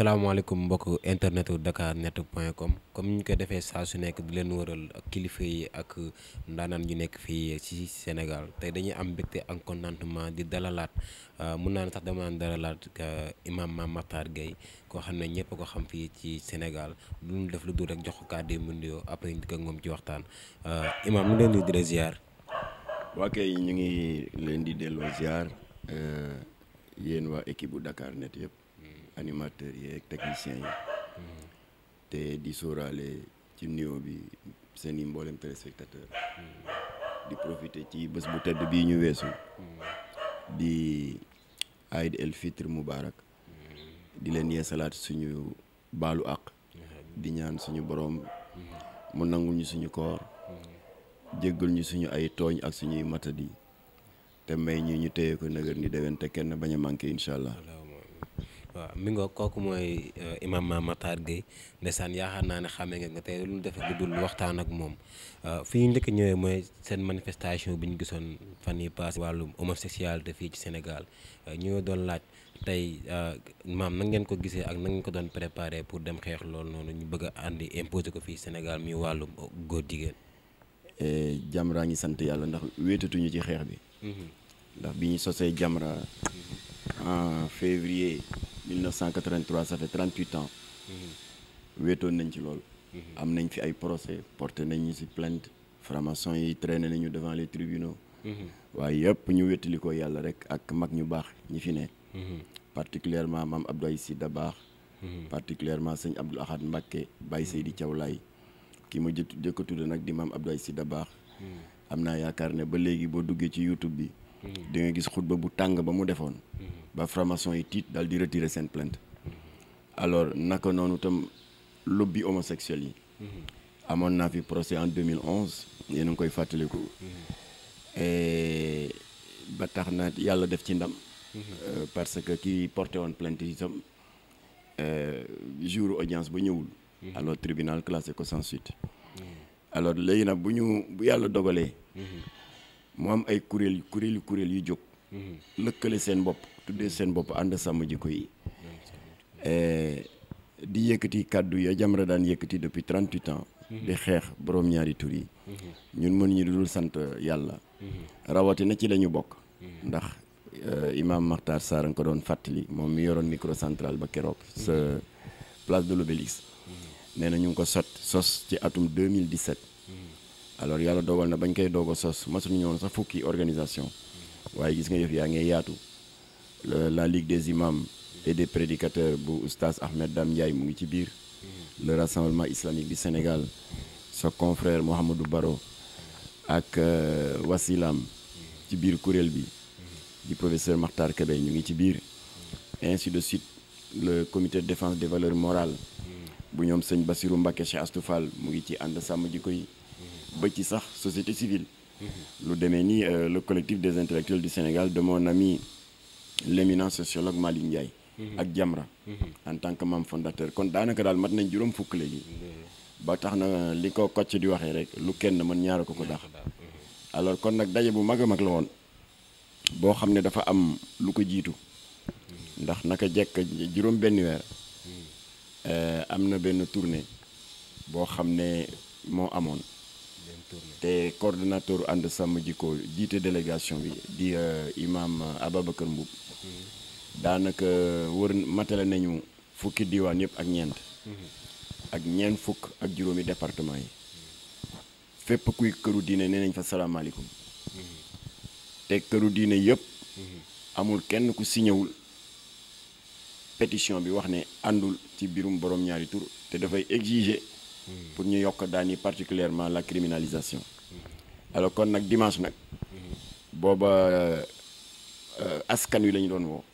salaamaaleykum mbokk internetu dakar net point com comme ni ñu ko defee saa su nekk di leen waral ak kilifa yi ak ndaanaan ñu nekk fii ci Sénégal tey dañuy am mbégte ak contentement di dalalaat euh, mun naa ne sax dama naan dalalaat euh, imam Mame Makhtar Gueye koo xam ne ñëpp ko xam fii ci Sénégal lu ñu def lu dul rek jox ko kàddu yi mu nuyoo après ñu ci waxtaan euh, imam mu di dire ziar. ñu ngi leen di delloo ziar yéen waa équipe bu Dakar net yëpp. animateurs yeeg techniciens yi mm-hmm. te di sóoraale ci nuyoo bi seen i mboolem téléspectateur mm-hmm. di profiter ci bés bu tedd bii ñu weesu mm-hmm. di Aïd el Fitr Mubarak di leen yeesalaat suñu baalu àq di ñaan suñu boroom mu nangul ñu suñu koor jéggal ñu suñu ay tooñ ak suñuy matadi te may ñu ñu téye ko nëgër ni déwén te kenn bañ a manqué incha allah waaw mi nga kooku mooy euh, imam Mame Matar Gueye ndeysaan yaakaar naa ne xàmmee ngeen ko tey lu ñu defee lu dul waxtaan ak moom euh, fi ñu njëkk ñëwee mooy seen manifestation bi ñu gisoon fan yi passé wàllum homosexualité fii ci Sénégal euh, ñoo doon laaj tey maam na ngeen ko gisee ak na ngeen ko doon préparé pour dem xeex loolu noonu ñu bëgg a àndi imposer ko fii Sénégal muy wàllum góor jigéen. Jamra ñi sant yàlla ndax wéetatuñu ci xeex bi. Mm-hmm. ndax bi ñu sosee Jamra. Mm-hmm. en février 1983 ça fait 38 ans. Mhm. wéetoon nañ ci lool mhm. am nañ fi ay procès porté nañ ñu ci plainte franc-maçon yi traîné nañu devant les tribunaux. Mhm. waaye yëpp ñu wétali ko yàlla rek ak mag ñu baax ñi fi ne. particulièrement maam Abdoulaye Sy Dabakh. particulièrement sëñ Abdoul Ahad Mbacké Baye Seydi Thiaw Laye ki ma jëkk a tudd nag di maam Abdoulaye Sy baax am naa yaakaar ne ba léegi boo duggee ci YouTube bi. di nga gis xutba bu tàng ba mu defoon mm-hmm. ba franc yi tiit daal di retirer seen plainte mm-hmm. alors naka noonu itam lobby homosexuel yi mm-hmm. amoon naa fi procès en 2011 yéen a ngi koy fàttaliku ba tax na yàlla def ci ndam euh, parce que kii porté woon plainte itam euh, jour audience ba ñëwul alors tribunal classé ko sans suite alors léegi nag bu ñu bu yàlla dogalee mu am ay kuréel yu kuréel yu kuréel yu jóg. Hmm. lëkkale seen bopp tuddee seen bopp ànd sàmm jikko yi. Eh, di yëkkati kàddu ya Jamra daan yëkkati depuis trente huit ans. Hmm. di xeex borom ñaari tur yi. Hmm. ñun mënuñu dul sant yàlla. rawatina ci lañu bokk. ndax eh, imaam Makhtar Sarr nga ko doon fàttali moom mi yoroon micro central ba keroog. sa place de l'Obélisque. nee na ñu ngi ko sot sos ci atum 2017. alors yàlla dogal na bañ koy doog a sos masuñu ñëwoon sax fukki organisation waaye gis nga yëf yaa ngi yaatu la ligue des imams et des bu oustaz Ahmed Dame Ndiaye mu ngi ci biir le rassemblement islamique bi Sénégal sa confrère Mouhamadou Baro ak euh, wasilam ci biir kuréel bi di professeur Makhtar Kébé ñu ngi ci biir ainsi de suite le comité de défense des valeurs morales bu ñoom sëñ Bassirou Mbacké Cheikh Astou mu ngi ci ànd sàmm jikko yi ba ci sax société civile lu demee ni euh, le collectif des intellectuels du Sénégal de mon ami l'éminent sociologue Malick Ndiaye ak Jamra en tant que membre fondateur kon daanaka daal mat nañ juróom fukk léegi ba tax na li ko kocc di waxee rek lu kenn mën ñaara ko ko dax alors kon nag daje bu mag a mag la woon boo xam ne dafa am lu ko jiitu ndax naka jekk juróom benn weer euh, am na benn tournée boo xam ne moo amoon te coordonnateur ànd sàmm jikko jiite délégation bi di euh, imam Ababacar Mboub daanaka euh, wër matale nañu fukki diwaan yëpp ak ñeent mhm. ak ñeent fukk ak juróomi département yi fépp kuy këru diine nee fa salaamaaleykum mhm. te këru diine yëpp mhm. amul kenn ku signewul pétition bi wax ne àndul ci biirum borom ñaari tur te dafay exiger pour ñu yokk daan yi particulièrement la criminalisation alors kon nag dimanche nag booba euh, askan wi la doon woo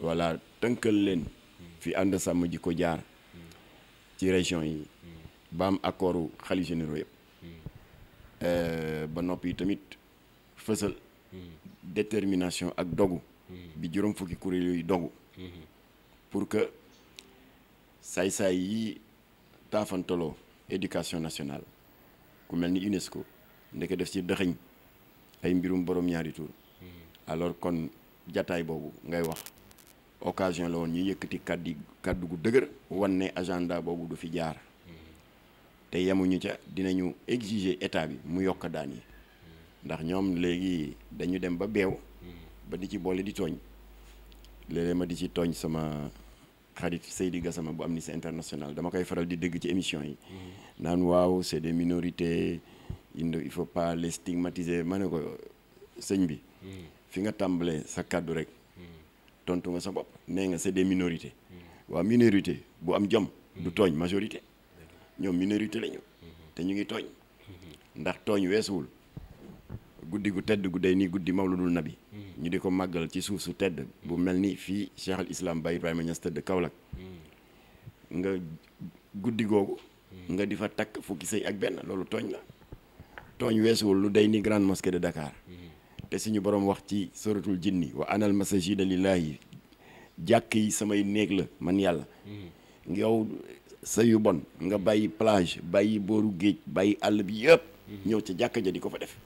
voilà tënkal leen fi ànd sàmm ji ko jaar ci région yi ba am accordu xalifa généraux yëpp euh, ba noppi tamit fësal détermination ak dogu bi juróom fukki kuréel yooyu dogu pour que saay-saay yi taafantaloo éducation nationale ku mel ni UNESCO ndeke def ci dëxëñ ay mbirum boroom ñaari tur hmm. alors kon jataay boobu ngay wax occasion la woon ñu yëkkati kàddi kàddu gu dëgër wan ne agenda boobu du fi jaar hmm. te yemuñu ca dinañu exiger état bi mu yokk daan yi hmm. ndax ñoom léegi dañu dem ba beew ba di ci boole di tooñ léeg ma di ci tooñ sama xarit Seydi Gassama bu Amnesty International dama koy faral di dégg ci émission yi naan waaw c'est des minorité il faut pas les stigmatiser ma ne ko sëñ bi fi nga tàmbalee sa kàddu rek tontu nga sa bopp nee nga c'est des minorité waa minorité bu am jom du tooñ majorité ñoom minorité lañu te ñu ngi tooñ ndax tooñ weesuwul guddi gu tedd gu nii guddi lu mawludul nabi ñu di ko màggal ci suuf su tedd bu mel ni fii Cheikh al Islam Baye Ibrahima Niass tëdd Kaolack mm. nga guddi googu mm. nga di fa takk fukki sëy ak benn loolu tooñ la tooñ weesuwul lu day ni grande mosquée de Dakar mm. te suñu borom wax ci suratul jinni wa anal masajida lillahi jàkk yi samay néeg la man yàlla yow sa yu bon nga bàyyi plage bàyyi booru géej bàyyi àll bi yëpp ñëw ca jàkk ja di ko fa def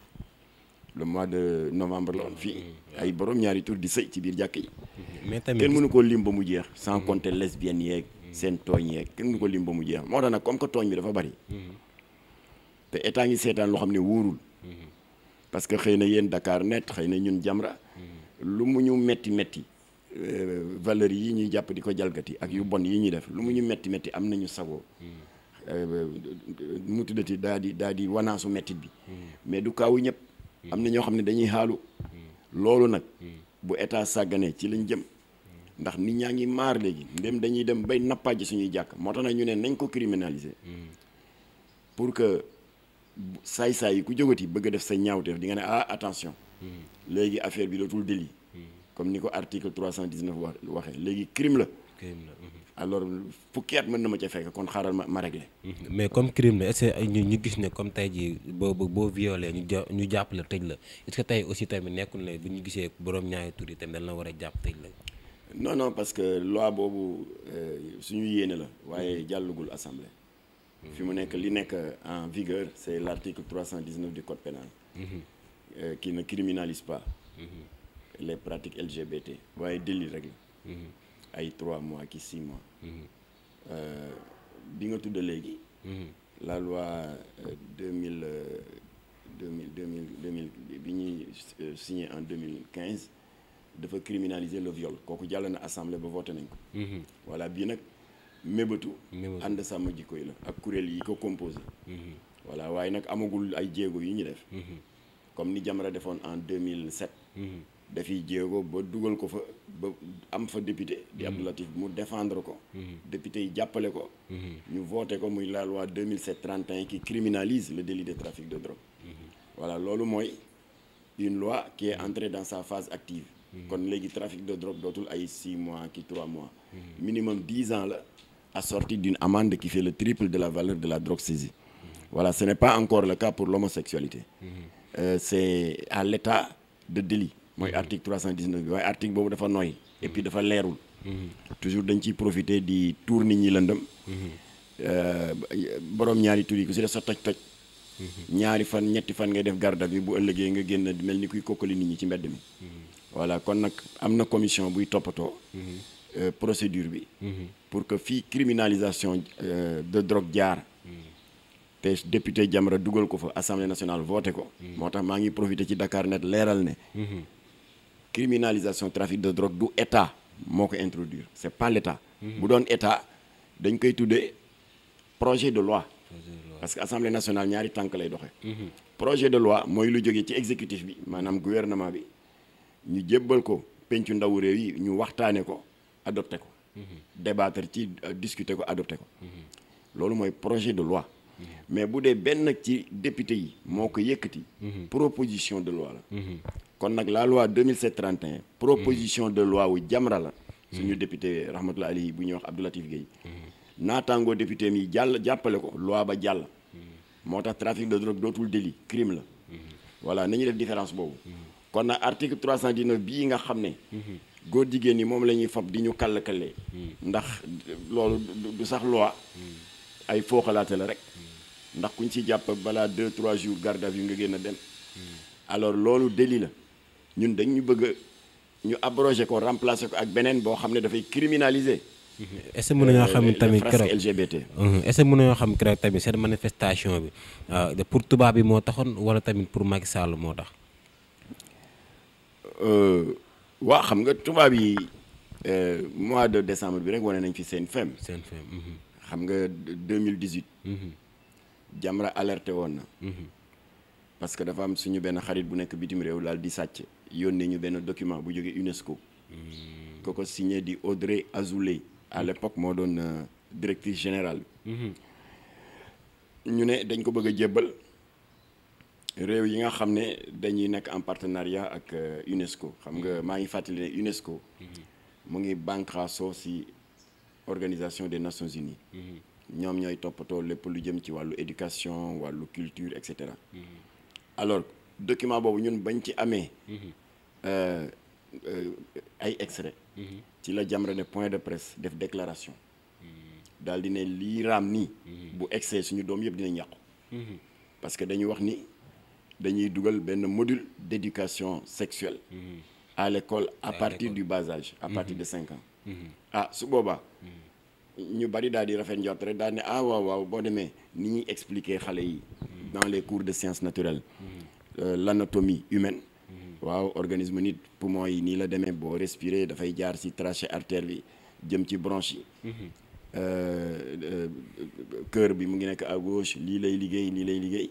le mois de novembre la fii mm-hmm. ay borom ñaari tur di sëy ci biir jàkk yi. Mm-hmm. mais tamit mm-hmm. kenn mënu ko lim ba mu jeex. sans compter lesbiennes yeeg seen tooñ yeeg kenn mënu ko lim mu jeex moo tax comme que tooñ bi dafa bari. te ngi seetaan loo xam ne wóorul. parce que xëy na yéen Dakar net xëy na ñun Jamra. lu mu ñu metti metti euh, valeurs yi ñuy jàpp di ko jalgati ak yu bon yi ñuy def lu mu ñu metti metti am nañu sagoo. Euh, euh, mu tuddati daa di daa di wanaasu mettit bi. mais du kaawu ñëpp. am na ñoo xam ne dañuy xaalu loolu nag bu état sàgganee ci lañ jëm ndax nit ñaa ngi maar léegi ndem dañuy dem bay nappaaji suñuy jàkk moo tax nag nañ ko criminaliser pour que saay-saay yi ku jógati bëgg a def sa ñaawteef di nga ne ah attention léegi affaire bi dootul délit comme ni ko cent article 319 wax waxee léegi crime la crime la mhm. alors fukki at mën na ma ca fekk kon xaaral ma ma réglé. Mm-hmm. mais comme crime la est-ce que ñu gis ne comme tey jii boo boo violé ñu ja ñu jàpp la tëj la est-ce que tey aussi tamit nekkul ne bu ñu gisee borom ñaari tur yi tamit dañ la war a jàpp tëj la. non non parce que loi boobu euh, suñu yéene la waaye jàllugul assemblée. Mm-hmm. fi mu nekk li nekk en vigueur c'est l'article 319 du code pénal. Mm-hmm. Euh, qui ne criminalise pas. les pratiques LGBT waaye délit rek la. ay trois mois ki six mois mhm. euh, bi nga tudd léegi mhm. la loi euh, deux mille euh, deux mille deux mille deux mille bi ñuy signé en deux mille quinze dafa criminaliser le viol kooku jàll na assemblée ba voté nañ ko mhm. voilà bii nag mébatu ànd sàmm jikko yi la ak kuréel yi ko composé voilà waaye nag amagul ay jéego yi ñu def comme ni Jamra defoon en 2007 dafiy jéego ba dugal ko fa ba am fa député di Abdou mm-hmm. Latif mu défendre ko mm-hmm. député yi jàppale ko mm-hmm. ñu voté ko muy la loi 2007 31 qui criminalise le délit de trafic de drogue voilà loolu mooy une loi ki est entrée dans sa phase active kon léegi trafic de drogue dootul ay 6 mois ki 3 mois minimum 10 ans la assorti d'une amende qui fait le triple de la valeur de la drogue saisie voilà ce n'est pas encore la cas pour l'homosexualité euh, c'est à l'état de délit mooy article 319 bi waaye article boobu dafa nooy et puis dafa leerul mm-hmm. toujours dañ ciy profiter di tuur nit ñi lëndëm mm-hmm. euh, borom ñaari tur yi ku def sa toj toj mm-hmm. ñaari fan ñetti fan ngay def garda bi bu ëllëgee nga génn mel ni kuy kokkali nit ñi ci mbedd mi voilà kon nag am na commission buy toppatoo euh, procédure bi pour que fii criminalisation euh, de drogue jaar te député Jamra dugal ko fa assemblée nationale voté ko moo tax maa ngi profité ci Dakar net leeral ne criminalisation trafic de drogue du état moo ko introduire c'est pas l'état mhm. bu doon état dañ koy tuddee projet de loi parce que assemblée nationale ñaari tànk lay doxe mhm. projet de loi mooy lu jógee ci exécutif bi maanaam gouvernement bi ñu jébbal ko pencu ndawu réew yi ñu waxtaane ko adopté ko mhm. débattre ci euh, discuter ko adopté ko loolu mooy projet de loi mais bu dee benn ci député yi moo ko yëkkati. Mhm. proposition de loi la. Mhm. kon nag la loi 2007-31. proposition mhm. de loi wu Jamra la. suñu député Rahmatullah Ali bu ñuy wax Abdou Latif Gueye. naataangoo député mi jàll jàppale ko loi ba jàll. moo tax trafic de drogue dootul délit crime la. voilà nañu def différence boobu. kon nag article 319 bii nga xam ne. góor jigéen ñi moom la ñuy fab di ñu kàll ndax loolu du sax loi. ay fooxalaate la rek. ndax kuñ ci jàpp balaa deux trois jours garde à vue nga génn dem alors loolu délit la ñun dañ ñu bëgg ñu abrogé ko remplacé ko ak beneen boo xam ne dafay criminalisé. est ce que mën euh, xam tamit keroog LGBT. Mmh. est ce que mën nañoo xam tamit seen manifestation bi euh, pour tubaab yi moo taxoon wala tamit pour Macky Sall moo tax. Euh, waa xam nga tubaab yi mois de décembre bi rek wane nañ fi seen fem. seen fem. Mmh. xam nga 2018. Jamra alerté woon na. Mhm. parce que dafa am suñu benn xarit bu nekk bitim réew daal di sàcc yónnee ñu benn document bu jógee UNESCO. ko mhm. ko signé di Audrey Azoulay. à mhm. l'époque moo doon euh, directrice générale ñu ne dañ ko bëgg a jébbal réew yi nga xam ne dañuy nekk en partenariat ak euh, UNESCO xam nga maa ngi fàttali ne UNESCO mu ngi bànqaasoo ci Organisation des Nations Unies. ñoom ñooy toppatoo lépp lu jëm ci wàllu éducation wàllu culture et cetera mm-hmm. alors document boobu ñun bañ ci amee mm-hmm. euh, euh, ay extrait mm-hmm. ci la Jamra ne point de presse def déclaration daal di ne lii raam nii bu excès suñu doom yëpp dinañ yàqu parce que dañuy wax ni dañuy dugal benn module d'éducation sexuelle à l'école à partir du basage à partir de cinq ans ah su boobaa ñu bari daal di rafet njort rek daal ne ah waaw waaw boo demee ni ñuy expliquer xale yi dans les cours de sciences naturelles mm-hmm. euh, l'anatomie humaine mm-hmm. waaw organisme nit poumon yi nii la demee boo respirer dafay jaar si tracée artère bi jëm ci bronche yi mm-hmm. euh, euh, cœur bi mu ngi nekk à lii lay liggéey lii lay liggéey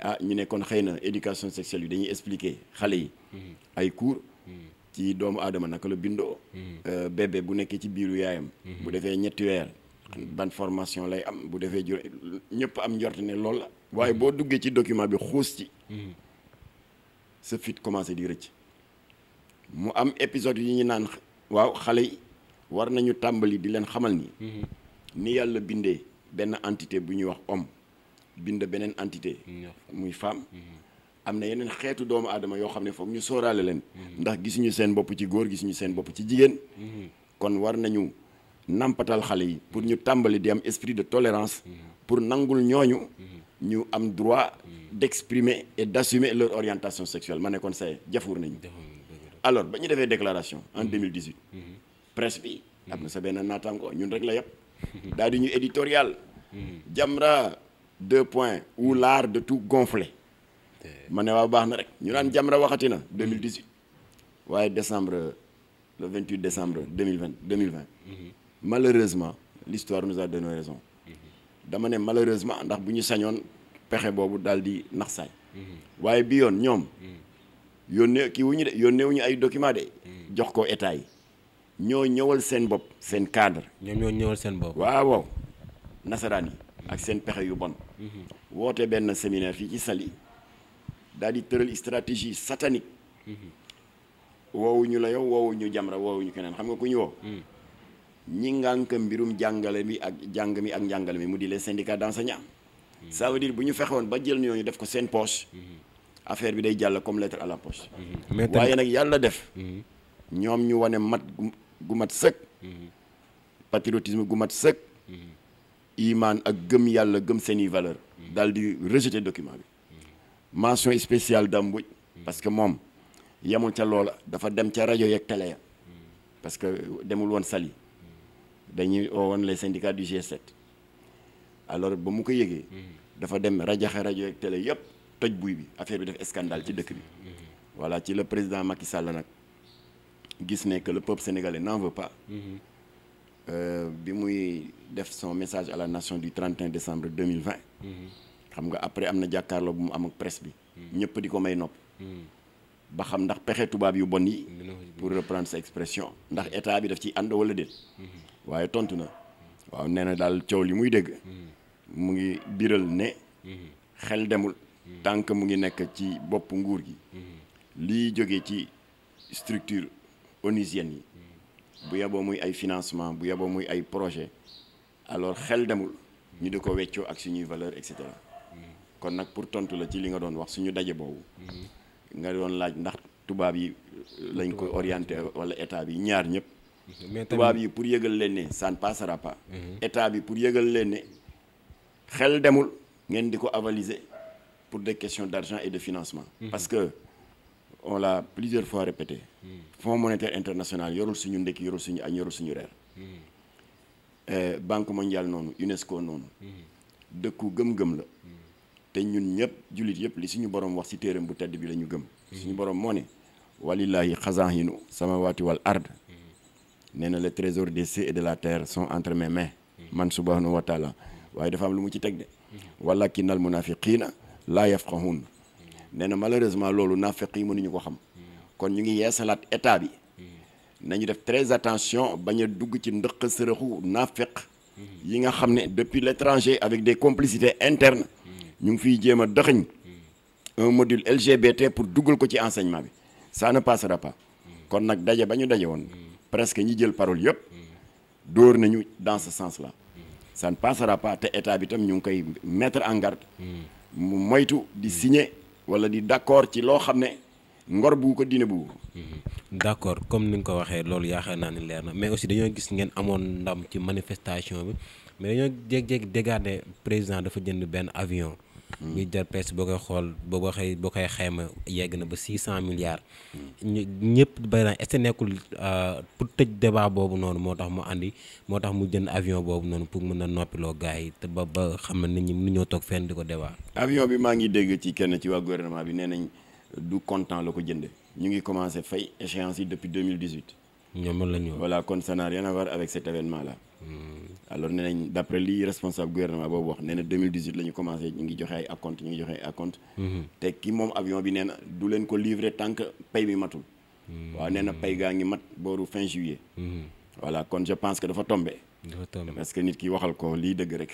ah ñu ne kon xëy na éducation sexuelle bi dañuy expliquer xale yi ay cours ci doomu aadama naka la bindoo. Hmm. Euh, bébé bu nekkee ci biiru yaayam. Hmm. bu defee ñetti weer. Hmm. ban formation lay am bu defee jur ñëpp am njort ne loolu la. waaye boo duggee ci document bi xuus ci. sa fit commencé di rëcc. mu am épisode yi ñu naan waaw xale yi war nañu tàmbali di leen xamal ni. ni yàlla bindee benn entité bu ñuy wax homme bind beneen entité. muy femme. am na yeneen xeetu doomu aadama yoo xam ne foog ñu sóoraale leen ndax gisuñu seen bopp ci góor gisuñu seen bopp ci jigéen kon war nañu nampatal xale yi pour ñu tàmbali di am esprit de tolérance pour nangul ñooñu ñu am droit d'exprimer et d'assumer leur orientation sexuelle ma ne kon say jafuur nañu alors ba ñu defee déclaration en 2018 mhm. mhm. presse bi am na sa benn naataango ñun rek la yëpp daal di ñu éditorial mhm. Jamra deux points ou l'art de tout gonfler ma ne waaw baax na rek ñu naan Jamra waxati na 2018 waaye décembre le 28 décembre 2020 2020 mm-hmm. malheureusement l'histoire nous a donné raison mm-hmm. dama ne malheureusement ndax bu ñu sañoon pexe boobu daal di nax saay mm-hmm. waaye bi yoon ñoom yónnee kii wu ñu de yónnee wu ñu ay document de jox ko état yi ñoo ñëwal seen bopp seen cadre ñoom ñoo ñëwal seen bopp waaw waaw nasaraan yi ak seen pexe yu bon woote benn séminaire fii ci Saly daal di tëral stratégie satanique woowuñu la yow woowuñu Jamra woowuñu keneen xam nga ku ñu woo hmm. ñi ngànk mbirum jàngale bi ak jàng mi ak njàngale mi mu di lee syndicats d'enseignants hmm. ça veut dire bu ñu fexoon ba jël ñooñu def ko seen poche hmm. affaire bi day jàll comme lettre à la poche waaye nag yàlla def ñoom ñu wane mat gu mat sëkk patriotisme gu mat sëkk imaan ak gëm yàlla gëm seeni valeur daal di rejeter document bi mention spéciale Dame Mbodj mm. parce que moom yemul ca loola dafa dem ca rajo yeeg tele ya mm. parce que demul woon Saly mm. dañuy oo woon les syndicats du G7 alors ba mu ko yëgee dafa dem rajaxe rajo yeeg tele yëpp toj buy bi affaire bi def scandale ci dëkk bi voilà ci le président Macky Sall nag gis ne que le peuple sénégalais n'en pa pas mm-hmm. euh, bi muy def son message à la nation du deux décembre 2020 xam nga après am na jàkkaarloo bu mu am ak presse bi. Hmm. ñëpp di ko may nopp. Hmm. ba xam ndax pexe tubaab yu bon yi. pour reprendre sa expression. ndax hmm. état bi daf ciy ànd wala déet. waaye tontu na. waaw nee na daal coow li muy dégg. mu ngi biral ne. xel demul. tant que mu ngi nekk ci bopp nguur gi. lii jóge ci structure onusienne yi. bu yeboo muy ay financement bu yeboo muy ay projet alors xel demul ñu di ko weccoo ak suñuy valeur et cetera. kon nag pour tontu la ci li nga doon wax suñu daje boobu. Mm-hmm. nga doon laaj ndax tubaab yi lañ koy orienté wala état bi ñaar ñëpp. Mm-hmm. mais tubaab yi pour yëgal leen ne ça ne passera mm-hmm. état bi pour yëgal leen ne xel demul ngeen di ko avaliser pour de questions d'argent et de financement. parce que on l'a plusieurs fois répété. fonds monétaire international yorul suñu ndekki yorul suñu añ yorul suñu reer. Eh, banque mondiale noonu UNESCO noonu. dëkku gëm-gëm la. te ñun ñëpp jullit yëpp li suñu borom wax ci téeram bu tedd bi la ñu gëm suñu borom moo ne walillahi xazaahinu samawati wal ard nee na les trésors des cieux et de la terre sont entre mes mains man subhanahu wa taala waaye dafa am lu mu ci teg de walakin al munafiqina laa yafqahun nee na malheureusement loolu naafeq yi mënuñu ko xam kon ñu ngi yeesalaat état bi nañu def très attention bañ a dugg ci ndëq sërëxu naafeq yi nga xam ne depuis l'étranger ñu ngi fiy jéem a daxañ un module LGBT pour duggal ko ci enseignement bi ça ne passera kon nag daje ba ñu daje woon presque ñi jël parole yëpp dóor nañu dans ce la là ça ne passera te état bi tam ñu ngi koy mettre en garde mu moytu di signe wala di d'accord ci loo xam ne ngor bu ko dina bu d'accord comme ni nga ko waxee loolu yaakaar naa ni leer na mais aussi dañoo gis ngeen amoon ndam ci manifestation bi mais dañoo jékki-jékki dégg président dafa jënd benn avion ñu jar pes boo koy xool boo ko boo koy xayma yegg na ba six cent milliards. ñu ñëpp bëri na est ce nekkul euh, pour tëj débat boobu noonu moo tax mu andi moo tax mu jënd avion boobu noonu pour mën a noppiloo gars yi te ba ba xam na nit ñi mënuñoo toog fenn di ko débat. avion bi maa ngi dégg ci kenn ci waa gouvernement bi nee nañ du comptant la ko jënd ñu ngi commencé fay échéance yi depuis deux mille dix huit. ñoom la ñu. voilà kon ça n'a rien à voir avec cet événement là. Hmm. alors nee nañ d' après li responsable gouvernement boobu wax nee na 2018 la ñu commencé ñu ngi joxe ay acompte ñu ngi joxe ay acompte mm-hmm. te ki moom avion bi nee na du leen ko livrer tant que pay bi matul mm-hmm. waaw nee na pay gaa ngi mat booru fin juillet mm-hmm. voilà kon je pense que dafa tombé parce que nit ki waxal ko lii dëgg rek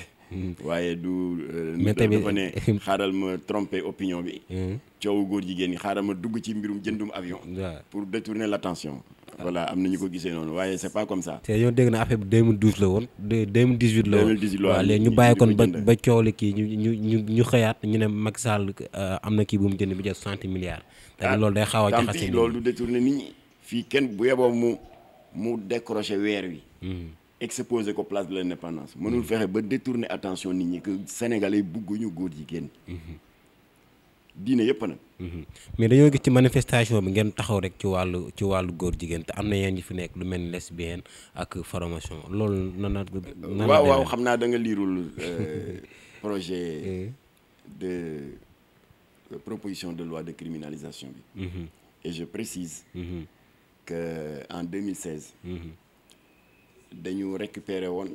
waaye du euh, dafa ne xaaral ma trompé opinion bi coowu góor jigéen ñi xaaral ma dugg ci mbirum jëndum avion pour détourner l' attention voilà am na ñu ko gisee noonu waaye c'est pas comme ça. te yow dégg na affaire bi 2012 la woon. 2018 la woon 2018 la woon ñu bàyyi kon ba ba coow li kii ñu ñu ñu ñu xëyaat ñu ne Macky Sall euh, am na kii bu mu jënd bi jël 60 milliards. ah loolu day xaw a jaxase nit loolu du détourné fii kenn bu yeboo mu mu décroché weer wi. Hmm. exposé ko place de l'indépendance hmm. mënul fexe ba détourner attention nit ñi que sénégalais bugguñu góor kenn diine yëpp nag. Mm-hmm. mais dañoo gis ci manifestation bi ngeen taxaw rek ci wàllu ci góor jigéen te am na yenn ñi fi nekk lu mel ni lesbienne ak formation loolu nan la. nan waaw waaw xam naa da nga liirul euh, projet eh. de euh, proposition de loi de criminalisation bi. Mm-hmm. et je précise. Mmh. que en 2016. Mm-hmm. dañu récupérer woon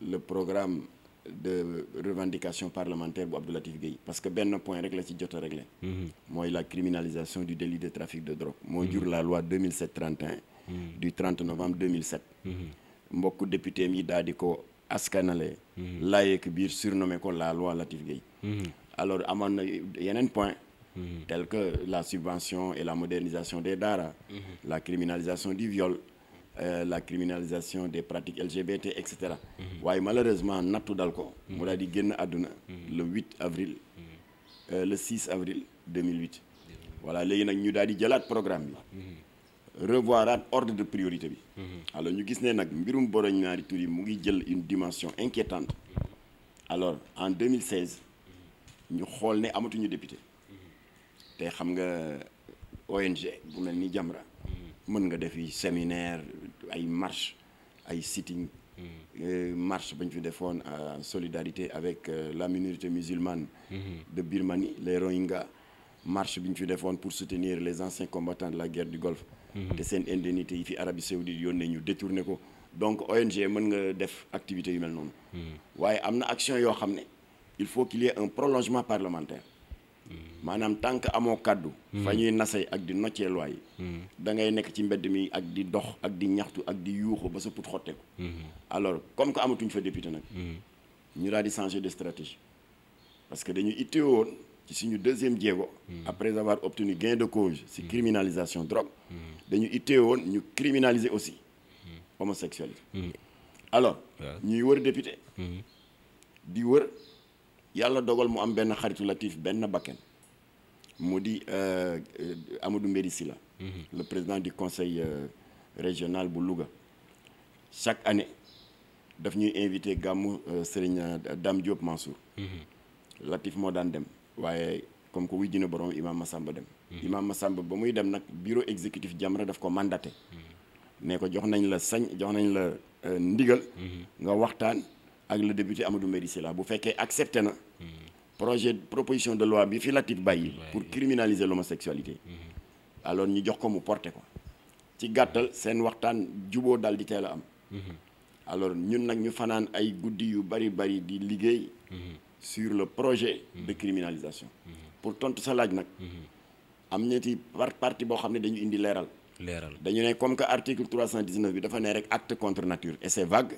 le programme. de revendication parlementaire bu Abdou Latif parce que benn point rek la ci jot a réglé mhm. mooy la criminalisation du délit de trafic de drogue moo mhm. jur la loi 2007-31 mhm. du novembre 2007 mbokk yi daal di ko askanale laayeek biir surnommé ko la loi Latif Gueye alors amoon yeneen point tel que la subvention et la modernisation des daara la criminalisation du viol Euh, la criminalisation des pratiques LGBT et cetera. Mm-hmm. waaye malheureusement nattu dal ko. Mm-hmm. mu daal di génn àdduna. Mm-hmm. le 8 avril. Euh, le 6 avril 2008. voilà léegi nag ñu daal di jëlaat programme bi. revoiraat ordre de priorité bi. alors ñu gis ne nag mbirum boroñ ñaari tur mu ngi jël une dimension inquiétante. alors en 2016. ñu xool ne amatuñu député. te xam nga ONG bu mel ni Jamra. mën nga defi séminaire. ay mm. euh, marche ay sitting marche ba ñu fi defoon en solidarité avec euh, la minorité musulmane mm-hmm. de Birmanie les Rohingyas marche bi fi defoon pour soutenir les anciens combattants de la guerre du Golfe mm-hmm. te seen indemnité yi fi Arabie Saoudite yónnee ñu détourné ko donc ONG mën nga def activité yu mel noonu mm-hmm. waaye am na action yoo xam ne il faut qu'il y ait un prolongement parlementaire maanaam tant que amoo kàddu hmm. fa ñuy nasay ak di noccee loi yi hmm. da ngay nekk ci mbedd mi ak di dox ak di ñaxtu ak di yuuxu ba sa put xotteeku hmm. alors comme que amatuñ fa député nag ñu daal di changer de stratégie parce que dañu ittee woon ci suñu deuxième jéego après avoir obtenu gain de cause ci criminalisation drogue dañu ittee woon ñu criminaliser aussi homosexualité alors ñuy wër député di wër yàlla dogal mu am benn xaritu Latif benn bakken mu di euh, Amadou Mbéri Sylla mhm. le président du conseil euh, régional bu Louga chaque année daf ñuy invité gàmmu euh, Serigne Dame Diop Mansour mhm. Latif moo daan dem waaye comme que wujji na borom Imam Massamba dem mhm. Imam Massamba ba muy dem nag bureau exécutif Jamra daf ko mandaté ne ko jox nañ la sañ jox nañ la ndigal nga waxtaan ak le député Amadou Mbéri Sylla bu fekkee accepté na projet proposition de loi bi fi Latif bàyyi pour criminaliser l'homosexualité mhm. alors ñu jox ko mu porté ko ci gàttal seen waxtaan juboo daal di teel a am mhm. alors ñun nag ñu fanaan ay guddi yu bari bari di liggéey mhm. sur le projet de criminalisation pour tontu sa laaj nag am na ci parti boo xam ne dañu indi leeral leeral dañu ne comme que article 319 bi dafa nee rek acte contre nature et c'est vague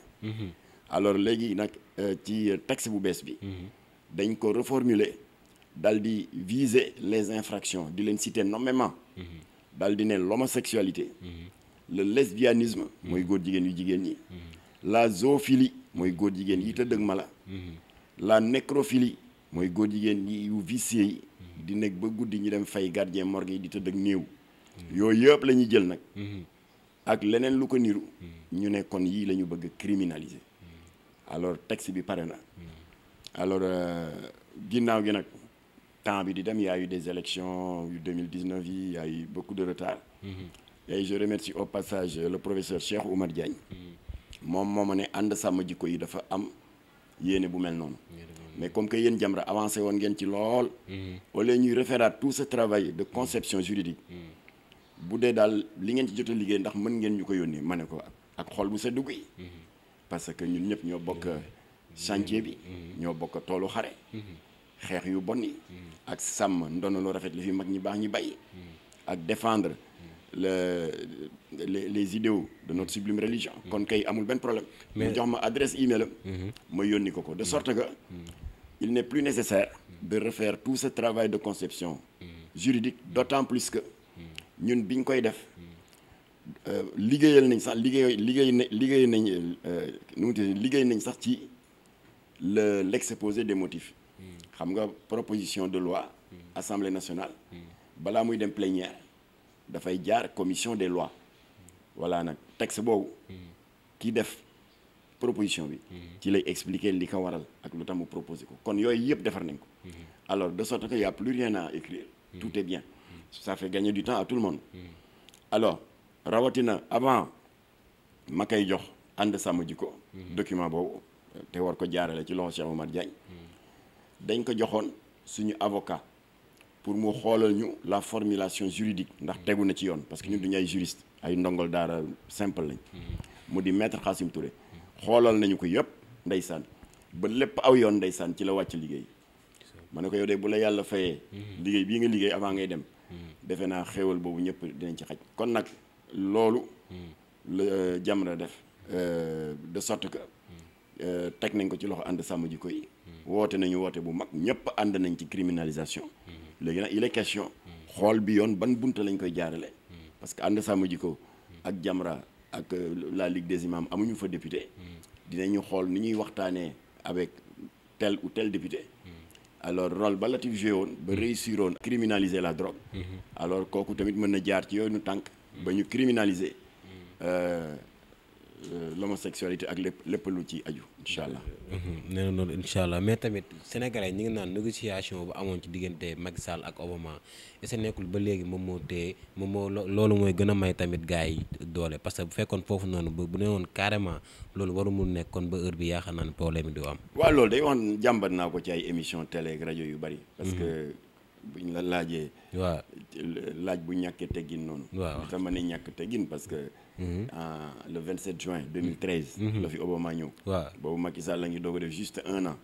alors léegi nag euh, ci taxe bu bees bi mhm. dañ ko reformuler dal di viser les infractions di leen citer nommément mhm. dal di ne l'homosexualité mhm. le lesbianisme mooy góor jigéen yu jigéen ñi la zoophilie mooy góor jigéen yi tëdd ak mala la nécrophilie mooy góor jigéen yi yu vicieux yi di nekk ba guddi ñu dem fay gardien morgue yi di tëdd ak néew yooyu yëpp la ñuy jël nag ak leneen lu ko niru ñu ne kon yii la ñu bëgg criminaliser alors texte bi pare na alors euh, ginnaaw gi nag temps bi di dem y a eu des élections yu mille yi y yi eu beaucoup de retard mm-hmm. et je remercie au passage le professeur Cheikh Oumar Diagne mm-hmm. moom moo ma ne ànd sàmm jikko yi dafa am yéene bu mel noonu mais comme que yéen Jamra avancé woon ngeen ci lool wala mm-hmm. ñuy reféraat tout ce travail de conception juridique bu dee daal li ngeen ci jot liggéey ndax mën ngeen ñu ko yónnee ma ne ko ak xol bu sa dugg parce que ñun ñëpp ñoo bokk chantier bi ñoo bokk toolu xare xeex yu bon yi ak sàmm ndono lu rafet li fi mag ñi baax ñi bay ak defendre les, les idéaux de notre sublime religion kon kay amul benn problème mais jox ma adresse email am ma yónni ko ko de sorte que il n'est plus nécessaire de refaire tout ce travail de conception juridique d'autant plus que ñun biñ koy def Euh, liggéeyal nañ sax liggéey liggéey na liggéey nañ euh, nu mu tudd liggéey nañ sax ci le l'exposé des motifs hmm. xam nga proposition de loi hmm. assemblée nationale hmm. balaa muy dem plénière dafay jaar commission des lois voilà nag texte boobu ki def proposition bi ci lay expliquer li ko waral ak lu tax mu proposé ko kon yooyu yëpp defar nañ ko alors de sorte que y a plus rien à écrire tout est bien ça fait gagner du temps à tout le monde alors rawatina avant ma kay jox ànd sàmm jikko document boobu te war ko jaarale ci loxo Cheikh Oumar Diagne dañ ko joxoon suñu avocat pour mu xoolal ñu la formulation juridique ndax tegu na ci yoon parce que ñun duñu ay juriste ay ndongol daara simple lañ mu di maître Xaasim Touré xoolal nañu ko yëpp ndeysaan ba lépp aw yoon ndeysaan ci la wàcc liggéey ma ne ko yow de bu la yàlla fayee mm-hmm. liggéey bii nga liggéey avant ngay dem mm-hmm. defe naa xéewal boobu ñëpp dinañ ci xa kon nag loolu hmm. la euh, Jamra def euh, de sorte que euh, teg nañ ko ci loxo ànd sàmm jikko yi hmm. woote nañu woote bu mag ñëpp ànd nañ ci criminalisation hmm. léegi nag il est question xool bi yoon ban bunta lañ koy jaarale parce que ànd sàmm jikko ak Jamra ak la Ligue des imams amuñu fa député dinañu xool ni ñuy waxtaanee avec tel ou tel député alors rôle ba Latif joué woon ba réussir woon criminaliser la drogue alors kooku tamit mën na jaar ci yoonu tànk ba ñu criminaliser mm. euh, euh, l'homosexualité ak lépp lépp lu ci aju incha allah. Mm-hmm. noonu incha allah mais tamit sénégalais ñi ngi naan négociation ba amoon ci diggante Macky Sall ak Obama est ce nekkul ba léegi moom moo téye moom moo loolu mooy gën a may tamit gars yi doole parce que bu fekkoon foofu noonu bu bu ne woon carrément loolu waru mun nekk kon ba heure bi yaa naa ne problème bi du am. waaw loolu day wax jàmbat naa ko ci ay émission télé ak rajo yu bari. parce mm-hmm. ñu la laajee. waaw laaj bu ñàkkee teggin noonu. waaw li tax ma ne ñàkk teggin parce que. Mhm. Euh, le 27 juin 2013. Mhm. la fi Obama ñëw. waaw boobu Macky Sall la ngi doog a def juste un an.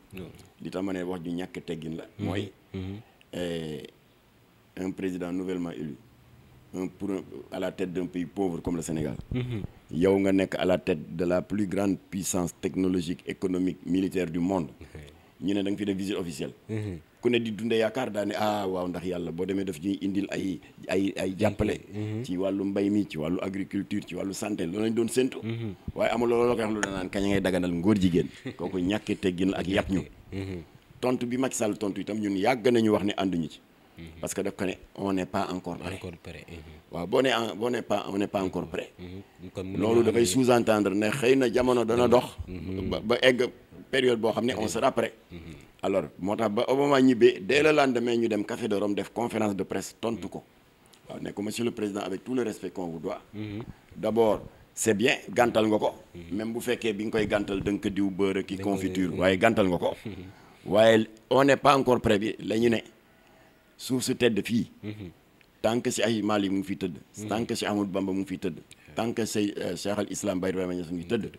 li tax ne wax ñu ñàkk teggin la. mooy mhm. euh, un président nouvellement élu. un pour à la tête d'un pays pauvre comme le Sénégal. yow nga nekk à la tête de la plus grande puissance technologique économique militaire du monde. ñu ne da nga fi def visite officielle. ku ne di dunde yaakaar daa ne ah waaw ndax yàlla boo demee daf ñuy indil ay ay ay jàppale mhm. ci wàllu mbay mi ci wàllu agriculture ci wàllu santé loolu lañ doon séntu mhm. waaye amul loolu ko wax lu danaan kañ ngay daganal ngóor jigéen kooku ñàkke teggin la ak yàpp ñu mhm. tontu bi Macky Sall tontu itam ñun yàgg nañu wax ne ànduñu ci dafay sous-entendre ne xëy na jamono dana dox ba egg période boo xam ne on sera prêt alors moo tax ba Obama ñibbee dès le lendemain ñu dem Café de Rome def conférence de presse tontu ko waaw ne ko le président avec tout le respect qu'on vous doit mhm. d'abord c'est bien gàntal nga ko mhm. même bu fekkee bi nga koy gàntal da nga ko diw beurre ki mhm. waaye gàntal nga ko waaye on n'est pas bi la ñu ne suuf su tedd fii tant que si ay Mali mu ngi tëdd tant si Ahmadou Bamba mu ngi tëdd tant que say euh, Cheikh al Islam Baye Ibrahima Niass mu ngi tëdd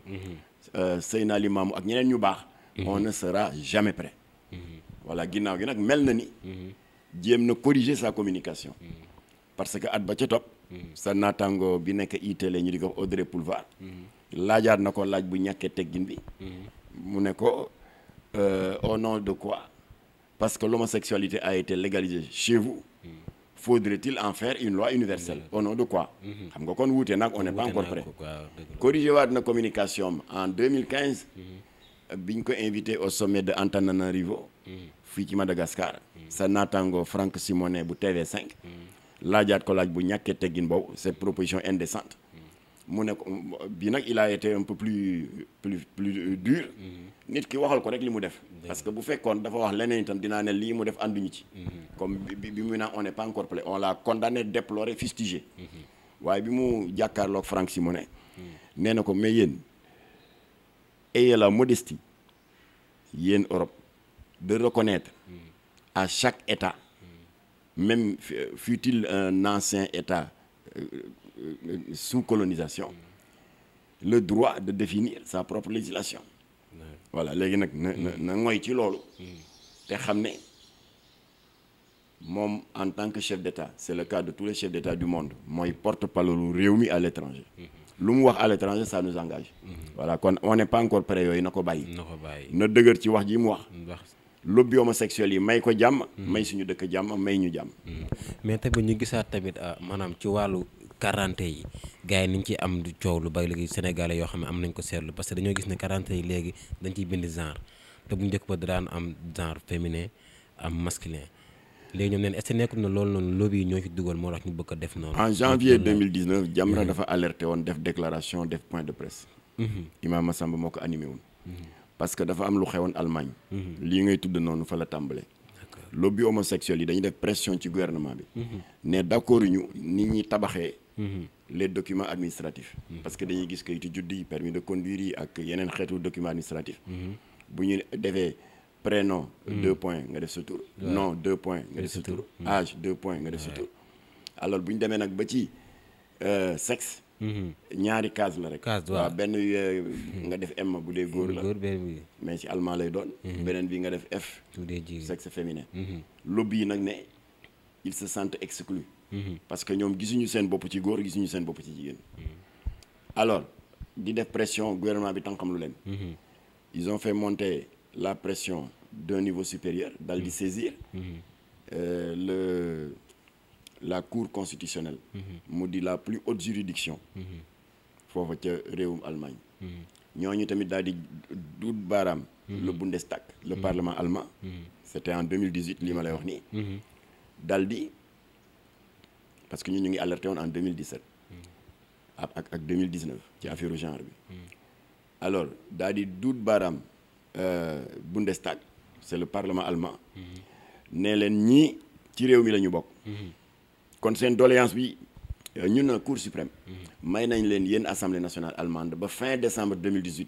euh, Seydina ak ñeneen ñu baax on ne sera jamais prêt voilà ginnaaw gi nag mel na ni. jéem na corriger sa communication. parce que at ba ca topp. sa naataango bi nekk iitale ñu di ko Audrey Pulvar. laajaat na ko laaj bu ñàkkee teggin bi. mu ne ko euh, au nom de quoi. parce que l'homosexualité a été légalisée chez vous. faudrait-il en faire une loi universelle au de quoi xam nga kon wuute nag on n'est pas encore prêt corrigé waat na communication ma en 2015 bi ñu ko invité au sommet de Antananarivo fii ci Madagascar sa naataango Franck Simonet bu TV5 laajaat ko laaj bu ñàkkee teggin boobu cette proposition indécente mu ne ko bi nag il a été un peu plus plus plus nit ki waxal ko rek li mu def parce que bu fekkoon dafa wax leneen itam dinaa ne lii mu def ànduñu ci comme bi bi mu naan on n'est pas encore prêt on l'a condamné déploré fustigé waaye bi mu jàkkaarloog Franck Simonet nee na ko mais yéen ayez la modestie yéen Europe de reconnaître à chaque État même fût-il un ancien État euh, euh, euh, sous colonisation le droit de définir sa propre législation voilà léegi nag na na na ngoy ci loolu te xam ne moom en tant que chef d'État c'est le cas de tous les chefs d'État du monde mooy porte-parole réew mi à l'étranger lu mu wax à l'étranger ça nous engage. Mhm. voilà kon on n'est pas encore prêt na ko bàyyi. na ko bàyyi na dëgër ci wax ji mu wax. lobby homosexuel yi may ko jàmm. Mhm. may suñu dëkk jàmm may ñu jàmm. Mhm. mais tamit ñu gisaat tamit ah, maanaam ci wàllu quarante yi gars yi niñ ci am du coow lu bari léegi sénégalais yoo xam ne am nañ ko seetlu parce que dañoo gis ne quarante yi léegi dañ ciy bind genre te bu njëkk ba daan am genre féminin am masculin. léegi ñoom neen est ce na loolu noonu lobby yi ñoo ci dugal moo tax ñu bëgg a def noonu. en janvier 2019 mm-hmm. Jamra dafa alerté woon def déclaration def point de presse. Mm-hmm. Imaam Massamba moo ko animé woon. Mm-hmm. parce que dafa am lu xewoon Allemagne. lii ngay tudd noonu fa la tàmbalee. lobby homosexuel yi dañu def pression ci gouvernement bi. ne d' accord ñu nit ñi tabaxee. les documents administratifs. parce que dañuy gis kayitu juddu yi permis de conduire yi ak yeneen xeetu documents administratifs. bu ñu defee. prénom mm. deux points nga def sa tur nom deux points nga def sa tur mm. âge deux points nga def sa tur alors bu ñu demee nag ba ci euh, sexe mm-hmm. ñaari case la rek waaw benn euh, mm-hmm. nga def M bu dee góor la mais ci allemand lay doon mm-hmm. beneen bi nga def F sexe féminin lobby yi nag ne ils se sentent exclus parce que ñoom gisuñu seen bopp ci góor gisuñu seen bopp ci jigéen alors di def pression gouvernement bi tànkam lu leen ils ont fait monter la pression d'un niveau supérieur dal mm-hmm. di saisir mm-hmm. euh, le la cour constitutionnelle mu mm-hmm. di la plus haute juridiction foofa ca réewum Allemagne ñu tamit daal di duut baaraam le Bundestag le parlement allemand c'était en 2018 lii ma lay wax nii dal di parce que ñun ñu ngi alerté woon en 2017 ak ak 2019 ci affaire genre bi alors daal di duut baaraam Euh, Bundestag c'est le parlement allemand ne leen ñii ci réew mi la ñu bokk kon seen doléance bi euh, ñun cour suprême may nañ leen yéen assemblée nationale allemande ba fin décembre 2018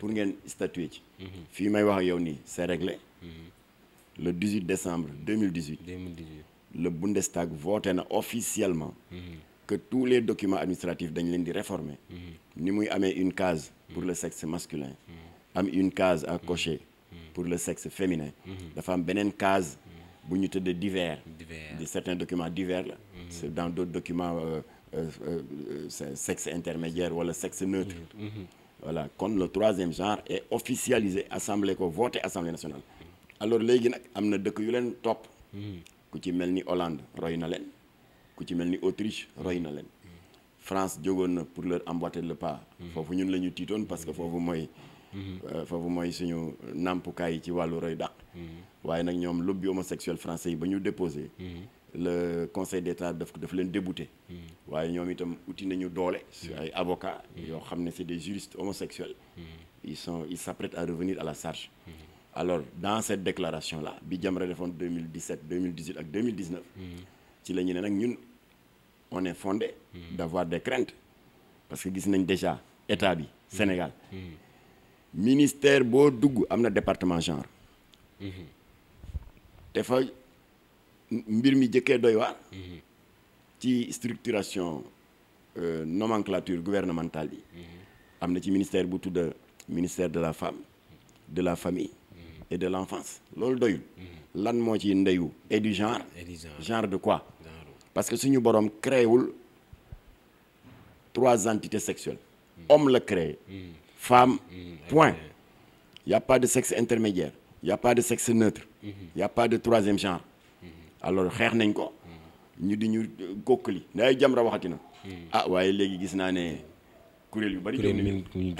pour ngeen statuer ci mhm. fii may wax ak yow nii c'est réglé mhm. le 18 décembre 2018 le Bundestag voté na officiellement mhm. que tous les documents administratifs dañ leen di réformer ni muy amee une case pour le sexe masculin am une case à cocher pour le sexe féminin dafa am beneen case bu ñu tëdd divers de certains documents divers la mhm. c'est dans d'autres documents euh, euh, euh, sexe intermédiaire wala sexe neutre mhm. Mhm. voilà kon le troisième genre et officialisé assemblée ko voté assemblée nationale alors léegi nag am na dëkk yu leen topp ku ci mel ni Hollande roy na leen ku ci mel ni Autriche roy na leen France jógoon na pour leur emboîter le pas foofu ñun la ñu tiitoon parce que foofu mooy Euh, foofu mooy suñu nàmpukaay yi ci wàllu roy dàq mm-hmm. waaye nag ñoom lobby homosexuel français yi ba ñu déposé mm-hmm. le conseil d'état daf daf leen débouté mm-hmm. waaye ñoom itam uti nañu doole si ay avocats yoo xam ne c'est des juristes homosexuels ils sont ils s'apprêtent à revenir à la charge alors dans cette déclaration la bi mille Jamra defoon 2017 2018 ak 2019 ci la ñu ne nag ñun on est fondé d'avoir des craintes parce que gis nañ déjà état bi Sénégal ministère boo dugg am na département genre te mbir mi jëkkee doy waar ci structuration euh, nomenclature gouvernementale yi am na ci ministère bu tudd ministère de la fem de la famille et de l'enfance loolu doyul lan moo ci ndeyu et du genre genre de quoi parce que suñu boroom créewul trois entités sexuelles homme la créé hmm. femme mm, point il de sexe intermédiaire il y a de sexe neutre il mm-hmm. de troisième genre mm-hmm. alors xeex nañ ko mm-hmm. ñu di ñu gokkali nday Jamra waxati na ah waaye léegi gis naa ne kuréel yu bari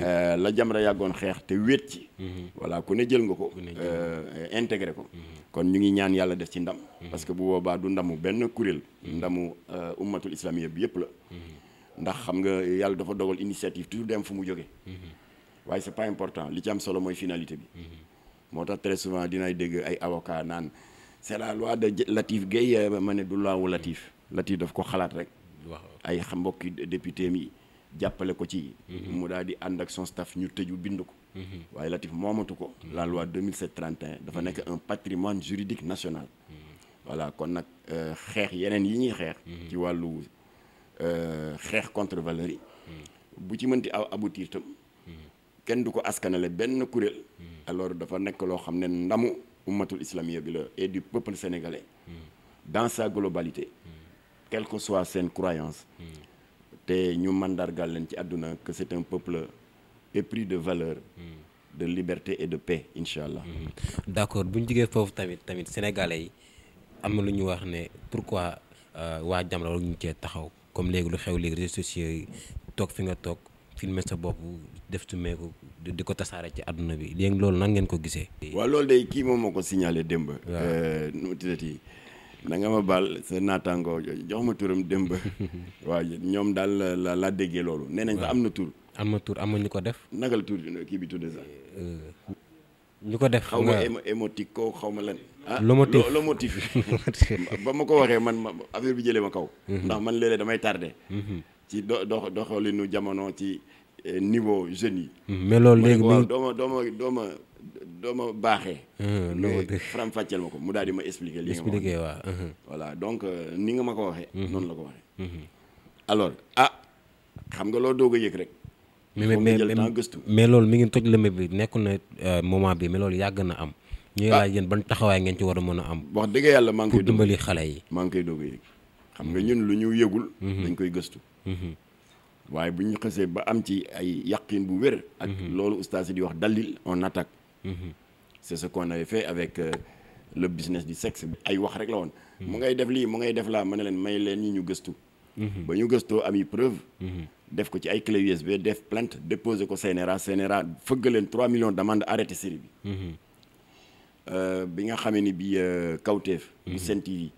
euh, la Jamra yàggoon xeex te wéet ci voilà ku ne jël nga ko euh, intégré ko kon ñu ngi ñaan yàlla def ci ndam parce que bu boobaa du ndamu benn kuréel ndamu euh, ummatul islamiyya bi yëpp la ndax xam nga yàlla dafa dogal initiative toujours dem fu mu jógee waaye c'est pas important li ci am solo mooy finalité bi. Mm-hmm. moo tax très souvent dinaay dégg ay avocat naan c'est la loi de Latif Gueye euh, ma ne du loi wu Latif mm-hmm. Latif daf ko xalaat rek. ay xam mbokki député mi jàppale ko ci. Mm-hmm. mu daal di ànd ak son staff ñu tëju bind ko. waaye Latif moomatu ko. la loi 2007 31 dafa nekk un patrimoine juridique national. voilà kon nag euh, xeex yeneen yi ñuy xeex. ci wàllu euh, xeex contre valeur yi. bu ci mënti aboutir tam. kenn du ko askanale benn kuréel alors dafa nekk loo xam ne ndamu ummatul islamiyya bi la et du peuple sénégalais dans sa globalité quelle que soit seen croyance te ñu mandargal leen ci àdduna que c'est un peuple épris de valeur de liberté et de paix incha allah mm-hmm. d'accord bu ñu jigee foofu tamit tamit sénégalais yi am na lu ñu wax ne pourquoi euh, waa Jamra war ñu cee taxaw comme léegi lu xew léegi réseaux sociaux yi toog fi nga toog filmer sa bopp def tumeeku di ko tasaare ci àdduna bi léegi loolu nan ngeen ko gisee. waaw loolu day kii moom moo ko signalé démb. waaw euh, nu mu tuddati na nga ma baal sa naataango jox ma turam démb. waaw ñoom daal la la laa déggee loolu. nee nañ sax am na tur. am na tur am na ñu ko def. naka la tur kii bi tuddee sax. Euh, ñu ko def xaw ma émotique ko xaw ma lan. ah lomotif lomotif ba ma ko waxee man ma affaire bi jëlee ma kaw. Mhm. ndax man léeg damay tardé. Mhm. ci do dox doxalinu jamono ci. Euh, niveau jeunes yi. Mm, mais loolu léegi mu dooma dooma dooma dooma baaxee. Ah, faram fàcceel ma ko mu daal di ma expliquer. li nga ma expliquer waaw. Uh-huh. donc euh, ni nga ma ko waxee. Mm-hmm. noonu la ko waxee. Mm-hmm. alors ah xam nga loo doog a yëg rek. mais mais mais loolu mi ngi toj lëmbe bi nekku na euh, moment bi mais loolu yàgg na am. ñu ngi ah. laaj yéen ban taxawaay ngeen ci war a mën a am. wax dëgg yàlla maa dimbali xale yi. maa doog a yëg xam nga mm-hmm. ñun lu ñu yëgul. dañ koy gëstu. waaye bu ñu xasee ba am ci ay yàqin bu wér. ak mhm. loolu ustaas di wax dalil on attaque. Mhm. c'est ce qu'on avait fait avec euh, le business du sexe ay wax rek la woon. Mhm. mu ngay def lii mu ngay def laa ma ne leen may leen ñi ñu gëstu. ba ñu gëstoo am yi preuve. def ko ci ay clé USB def plainte déposé ko CNRA CNRA fëgg leen 3 millions d'amende arrêté série bi. Euh, bi nga xamee ni bi euh, kawteef. bu Sen yi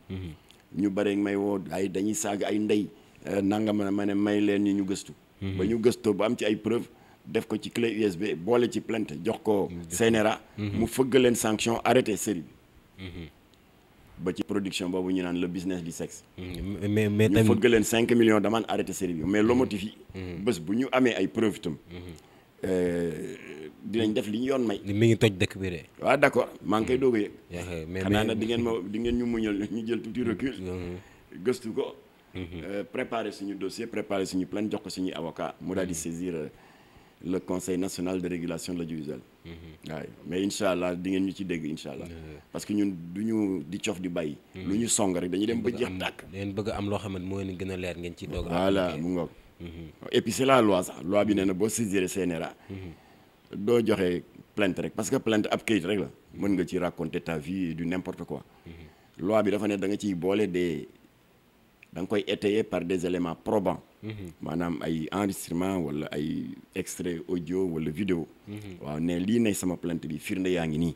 ñu bare may woo ay dañuy saaga ay ndey. Euh, nangam ma ne may leen ñu ñu gëstu. Mhm. ba ñu gëstoo ba am ci ay preuve def ko ci clé USB boole ci plainte jox ko mhm. CNRA. Mhm. mu fëgg leen sanction arrêté série bi. ba ci production boobu ñu naan le business du sexe. mais mais tamit ñu fëgg leen cinq millions d'amende arrêté série bi mais Lomotif yi. bés bu ñu amee ay preuve itam. Euh, dinañ def li ñu yoon may. mi ngi toj dëkk bi de. waaw ah, d'accord maa ngi koy doog a yëg. xanaa nag di ngeen ma di ngeen ñu muñal ñu jël tuuti recul. gëstu ko. Mhm. Euh, préparer suñu dossier préparer suñu plainte jox ko suñuy avocat mu daal di mhm. saisir euh, le conseil national de régulation de l'audiovisuel waaw mhm. mais incha allah di ngeen ñu ci dégg incha allah parce que ñun du ñu di cof di bàyyi lu ñu song rek dañuy dem ba jeex tàkk ngeen bëgg am loo xamante moo leen gën leer ngeen ci doog voilà mu ngoog la loi sax bi nee na boo saisir CNRA doo joxe plainte rek parce que plainte ab kayit rek la mën nga ci raconter ta vie du n'importe quoi loi bi dafa ne da nga ciy boole des da koy étayer par des éléments probants mhm. maanaam ay enregistrement wala ay extrait audio wala vidéo mhm. waaw ne lii ne sama plainte bi firnde yaa ngi nii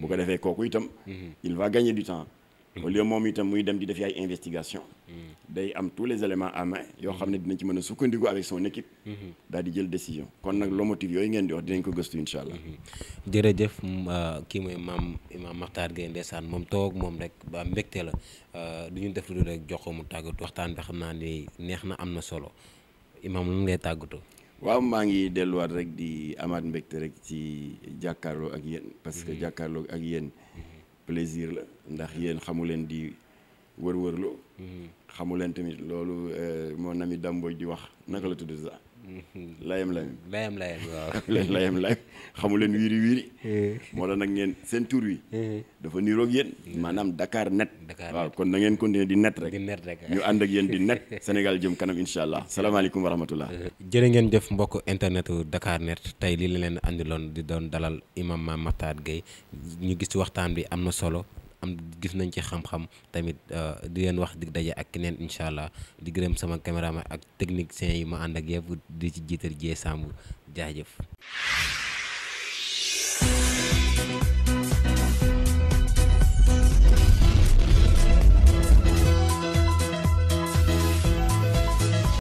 bu ko defee kooku itam mhm. il va gagner du temps au lieu moom itam muy dem di def ay investigation mm. day am tous les éléments à yoo xam ne dina ci mën a sukkandiku avec son équipe mm-hmm. daal di jël décision kon nag lomotif yooyu ngeen di wax dinañ ko gëstu incha allah mm-hmm. jërëjëf euh, kii mooy maam imaam Makhtar Gueye ndeysaan moom toog moom rek ba mbégte la euh, du ñu def lu rek jox ko mu tàggatu waxtaan bi xam naa ni neex na am na solo imaam lu ngay tàggatu waaw maa ngi delluwaat rek di amaat mbégte rek ci jàkkaarloo ak yéen parce que mm-hmm. jàkkaarloo ak yéen plaisir la ndax yéen xamu leen di wër-wërlu. Mhm. xamu leen tamit loolu euh, moo nami dàmbooj di wax naka la tudd sax. layam mhm. layam layam layam waaw layam layam xamu leen wiiri wiiri. Eh. moo tax nag ngeen seen tur wi. Eh. dafa niroog yéen. Eh. maanaam Dakar net. waaw kon na ngeen continuer di net rek. di rek ñu ànd ak yéen di net. Sénégal jëm kanam incha allah salaamaaleykum wa rahmatullah. jërë ngeen jëf mbokk internetu Dakar net tey lii la leen àndiloon di doon dalal imam Makhtar Gueye ñu gis waxtaan bi am na solo. am gis nañ ci xam-xam tamit euh, di leen wax di daje ak keneen incha allah di gërëm sama caméraman ak technicien yi ma ànd ak yëpp di ci jiital jee Samb jaajëf.